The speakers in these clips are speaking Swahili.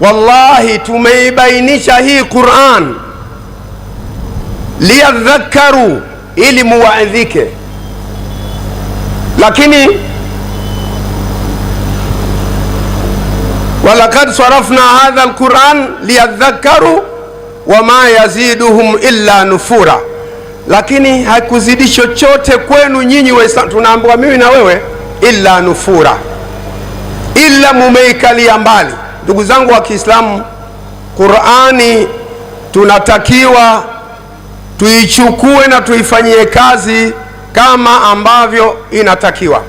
Wallahi, tumeibainisha hii Qur'an liyadhakkaru, ili muwaidhike. Lakini walakad sarafna hadha alquran liyadhakkaru wama yaziduhum illa nufura, lakini hakuzidi chochote kwenu nyinyi Waislamu. Tunaambiwa mimi na wewe, illa nufura, illa mumeikalia mbali Ndugu zangu wa Kiislamu, Qur'ani tunatakiwa tuichukue na tuifanyie kazi kama ambavyo inatakiwa.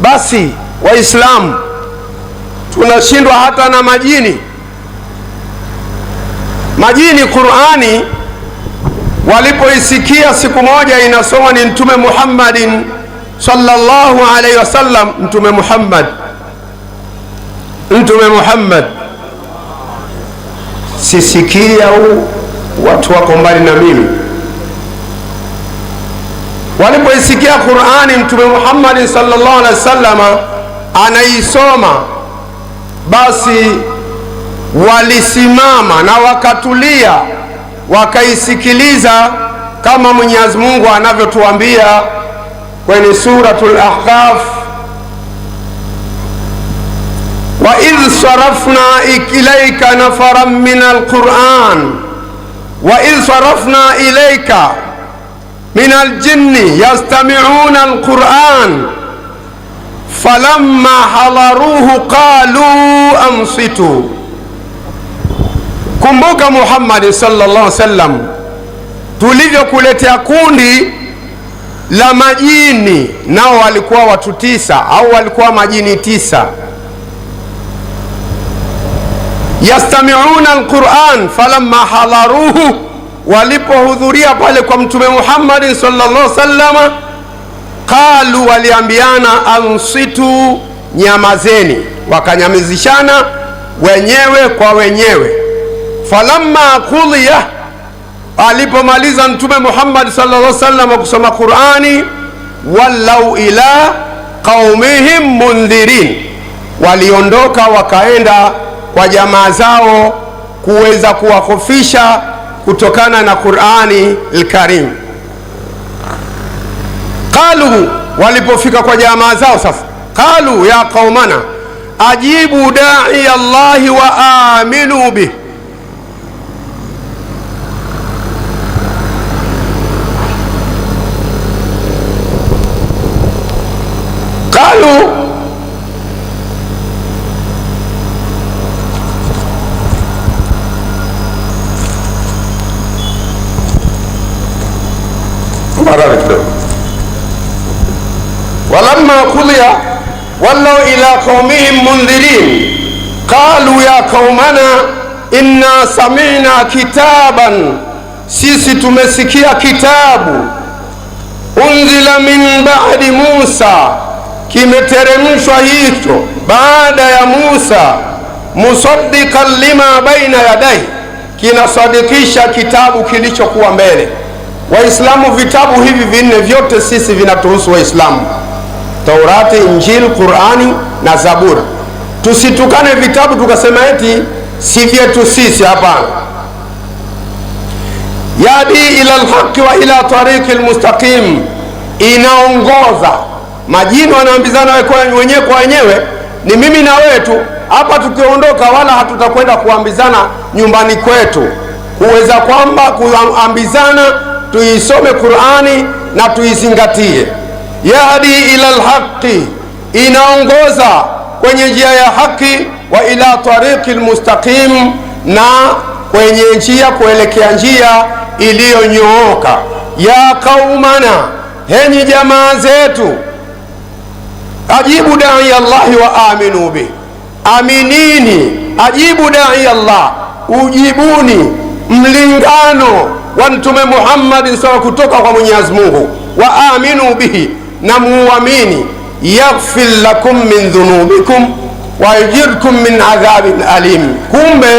Basi Waislamu, tunashindwa hata na majini. Majini Qur'ani walipoisikia siku moja inasoma ni Mtume Muhammadin sallallahu alaihi wasallam, Mtume Muhammad Mtume Muhammad, sisikii au watu wako mbali na mimi. Walipoisikia Qur'ani, Mtume Muhammad sallallahu alaihi wasallam anaisoma, basi walisimama na wakatulia, wakaisikiliza kama Mwenyezi Mungu anavyotuambia kwenye Suratul Ahqaf wa idh sarafna ilaika nafaran min alquran wa idh sarafna ilaika min aljinni yastamiuna alquran falamma halaruhu qalu ansitu, kumbuka Muhammadi sallallahu alaihi wasallam, tulivyokuletea kundi la majini, nao walikuwa watu tisa au walikuwa majini tisa yastamiuna lquran falama hadharuhu walipohudhuria pale kwa Mtume Muhammadin salllah salama qalu, waliambiana ansitu, nyamazeni, wakanyamizishana wenyewe kwa wenyewe. falama kudhiya alipomaliza Mtume muhammadi sallallahu alaihi kusoma Qurani, wallau ila qaumihim mundhirin, waliondoka wakaenda kwa jamaa zao kuweza kuwakofisha kutokana na Qur'ani al-Karim. Qalu, walipofika kwa jamaa zao sasa, qalu ya qaumana ajibu dai Allahi wa aminu bih, qalu kulia wallau ila qaumihim mundhirin qalu ya qaumana inna samina kitaban, sisi tumesikia kitabu unzila min ba'di Musa, kimeteremshwa hicho baada ya Musa musaddiqan lima baina yadai kinasadikisha kitabu kilichokuwa mbele. Waislamu, vitabu hivi vinne vyote sisi vinatuhusu Waislamu. Taurati, Injili, Qurani na Zaburi. Tusitukane vitabu tukasema eti si vyetu sisi, hapana. Yadi ila lhaqi wa ila tariki lmustaqim, inaongoza majini. Wanaambizana wenyewe kwa wenyewe, ni mimi na wewe tu hapa. Tukiondoka wala hatutakwenda kuambizana nyumbani kwetu, kuweza kwamba kuambizana tuisome Qurani na tuizingatie yahdi ila lhaqi, inaongoza kwenye njia ya haki, wa ila tariqi lmustaqim, na kwenye njia kuelekea njia iliyonyooka. Ya qaumana, henyi jamaa zetu, ajibu dai llahi wa aminu bih, aminini, ajibu dai Allah, ujibuni mlingano wa Mtume Muhammadin sawa kutoka kwa Mwenyezi Mungu, wa aminu bihi na muamini, yaghfir lakum min dhunubikum wa yujirkum min adhabin alim. Kumbe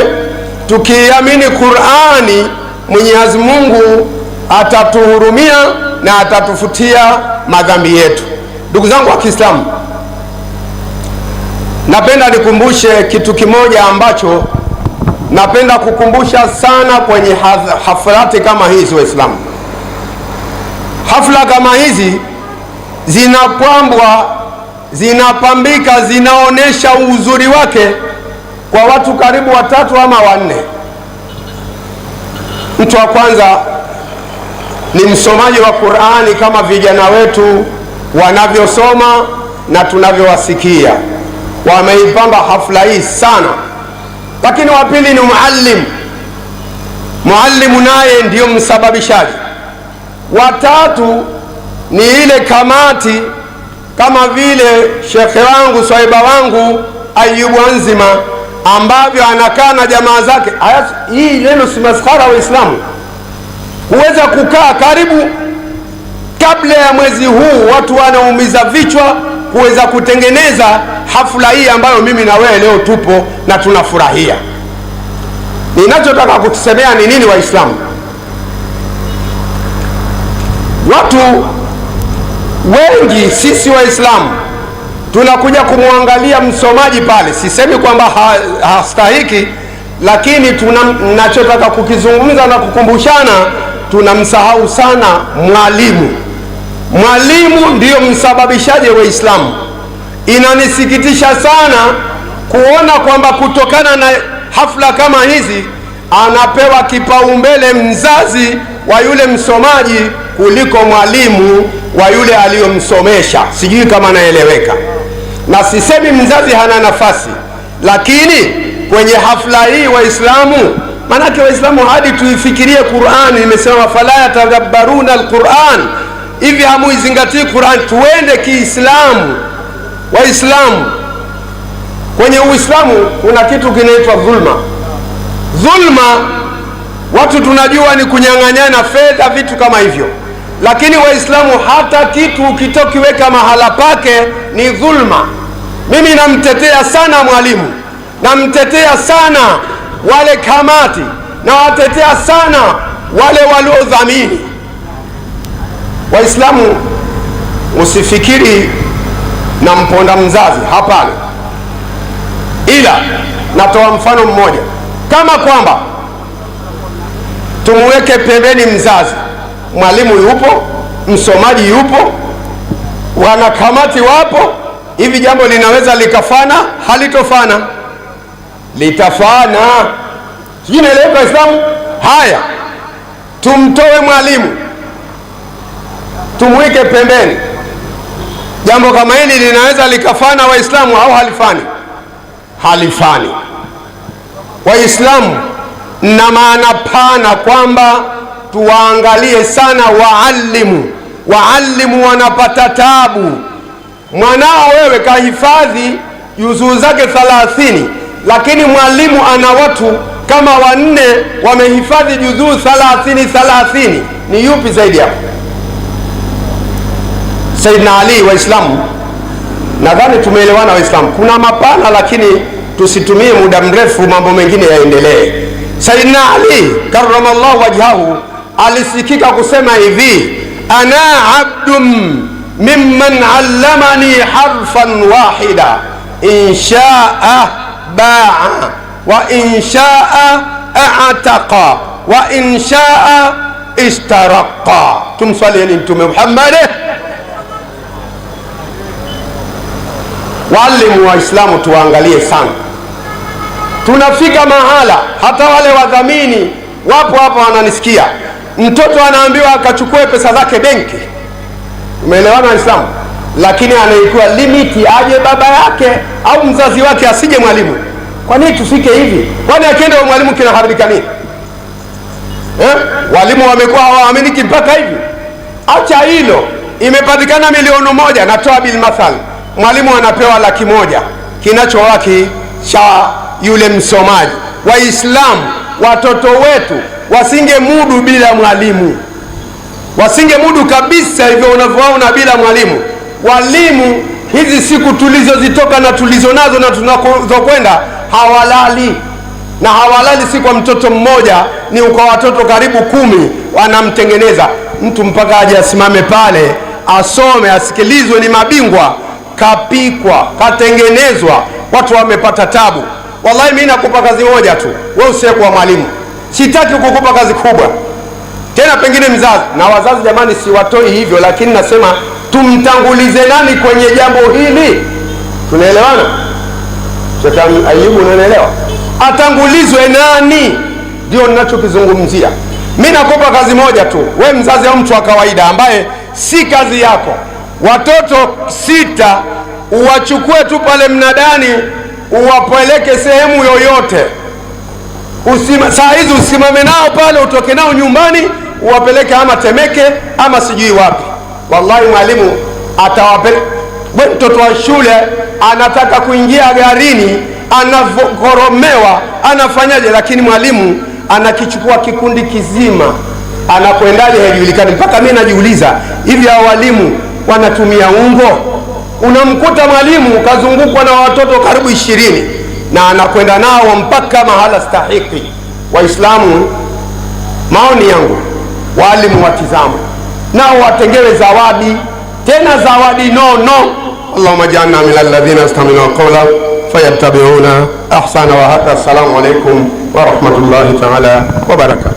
tukiamini Qur'ani, Mwenyezi Mungu atatuhurumia na atatufutia madhambi yetu. Ndugu zangu wa Kiislamu, napenda nikumbushe kitu kimoja ambacho napenda kukumbusha sana kwenye haflati kama hizi Waislamu, hafla kama hizi zinapambwa, zinapambika, zinaonyesha uzuri wake kwa watu karibu watatu ama wanne. Mtu wa kwanza ni msomaji wa Qur'ani kama vijana wetu wanavyosoma na tunavyowasikia, wameipamba hafla hii sana. Lakini wa pili ni muallim, muallimu naye ndiyo msababishaji. Watatu ni ile kamati kama vile shekhe wangu swaiba wangu Ayubu Anzima ambavyo anakaa na jamaa zake. Hii neno si maskhara Waislamu, huweza kukaa karibu kabla ya mwezi huu watu wanaumiza vichwa kuweza kutengeneza hafla hii ambayo mimi na wewe leo tupo na tunafurahia. Ninachotaka kutusemea ni nini, Waislamu? Watu Wengi sisi Waislamu tunakuja kumwangalia msomaji pale, sisemi kwamba ha, hastahiki, lakini tunachotaka kukizungumza na kukumbushana, tunamsahau sana mwalimu. Mwalimu ndiyo msababishaji wa islamu Inanisikitisha sana kuona kwamba kutokana na hafla kama hizi anapewa kipaumbele mzazi wa yule msomaji kuliko mwalimu kwa yule aliyomsomesha. Sijui kama naeleweka, na sisemi mzazi hana nafasi, lakini kwenye hafla hii Waislamu, maanake Waislamu hadi tuifikirie Qur'an, imesema fala yatadabbaruna alquran. Hivi hamuizingatii Qur'an? Tuende Kiislamu, Waislamu. Kwenye Uislamu kuna kitu kinaitwa dhulma. Dhulma watu tunajua ni kunyang'anyana fedha, vitu kama hivyo lakini Waislamu, hata kitu ukitokiweka mahala pake ni dhulma. Mimi namtetea sana mwalimu, namtetea sana wale kamati, nawatetea sana wale waliodhamini. Waislamu, msifikiri na mponda mzazi, hapana, ila natoa mfano mmoja, kama kwamba tumuweke pembeni mzazi mwalimu yupo, msomaji yupo, wanakamati wapo. Hivi jambo linaweza likafana? Halitofana, litafana. Sijui naeleweka Waislamu. Haya, tumtoe mwalimu, tumwike pembeni. Jambo kama hili linaweza likafana Waislamu au halifani? Halifani. Waislamu na maana pana kwamba tuwaangalie sana waalimu. Waalimu wanapata tabu. Mwanao wewe kahifadhi juzuu zake thalathini, lakini mwalimu ana watu kama wanne wamehifadhi juzuu thalathini thalathini. Ni yupi zaidi hapo? Saidina Ali, Waislamu nadhani tumeelewana Waislamu. Kuna mapana lakini tusitumie muda mrefu, mambo mengine yaendelee. Saidina Ali karamallahu wajhahu alisikika kusema hivi, ana abdun mimman allamani harfan wahida inshaa baa wa inshaa ataqa wa inshaa istaraqa. Tumswalieni Mtume Muhammad. Walimu Waislamu, tuwaangalie sana. Tunafika mahala hata wale wadhamini wapo hapa wananisikia Mtoto anaambiwa akachukue pesa zake benki, umeelewana Waislamu? Lakini anaikuwa limiti aje baba yake au mzazi wake, asije mwalimu. Kwa nini tufike hivi? Kwani akienda kwa mwalimu kinaharibika nini? Eh, walimu wamekuwa hawaaminiki mpaka hivi. Acha hilo, imepatikana milioni moja, natoa bilmathal, mwalimu anapewa laki moja, kinachowaki cha yule msomaji. Waislamu, watoto wetu wasinge mudu bila mwalimu, wasinge mudu kabisa hivyo unavyoona bila mwalimu. Walimu hizi siku tulizozitoka na tulizonazo na tunazokwenda hawalali na hawalali, si kwa mtoto mmoja, ni kwa watoto karibu kumi wanamtengeneza mtu mpaka aje asimame pale asome asikilizwe. Ni mabingwa, kapikwa, katengenezwa, watu wamepata tabu. Wallahi, mimi nakupa kazi moja tu, wewe usiye kuwa mwalimu sitaki kukupa kazi kubwa tena, pengine mzazi na wazazi, jamani, siwatoi hivyo, lakini nasema tumtangulize nani kwenye jambo hili? Tunaelewana Sheikh Ayubu, unaelewa? Atangulizwe nani? Ndio ninachokizungumzia mi. Nakupa kazi moja tu, we mzazi au mtu wa kawaida ambaye si kazi yako, watoto sita uwachukue tu pale mnadani, uwapeleke sehemu yoyote usima, saa hizi usimame nao pale, utoke nao nyumbani uwapeleke ama Temeke ama sijui wapi. Wallahi mwalimu atawapeleka. Mtoto wa shule anataka kuingia garini, anavokoromewa anafanyaje? Lakini mwalimu anakichukua kikundi kizima, anakwendaje haijulikani. Mpaka mimi najiuliza, hivi hao walimu wanatumia ungo? Unamkuta mwalimu kazungukwa na watoto karibu ishirini na anakwenda nao mpaka mahala stahiki. Waislamu, maoni yangu, waalimu watizamu nao watengewe zawadi, tena zawadi no no. Allahumma ja'alna min alladhina yastami'una alqawla fayattabi'una ahsana. Wa hada, assalamu alaykum wa rahmatullahi ta'ala wa barakatuh.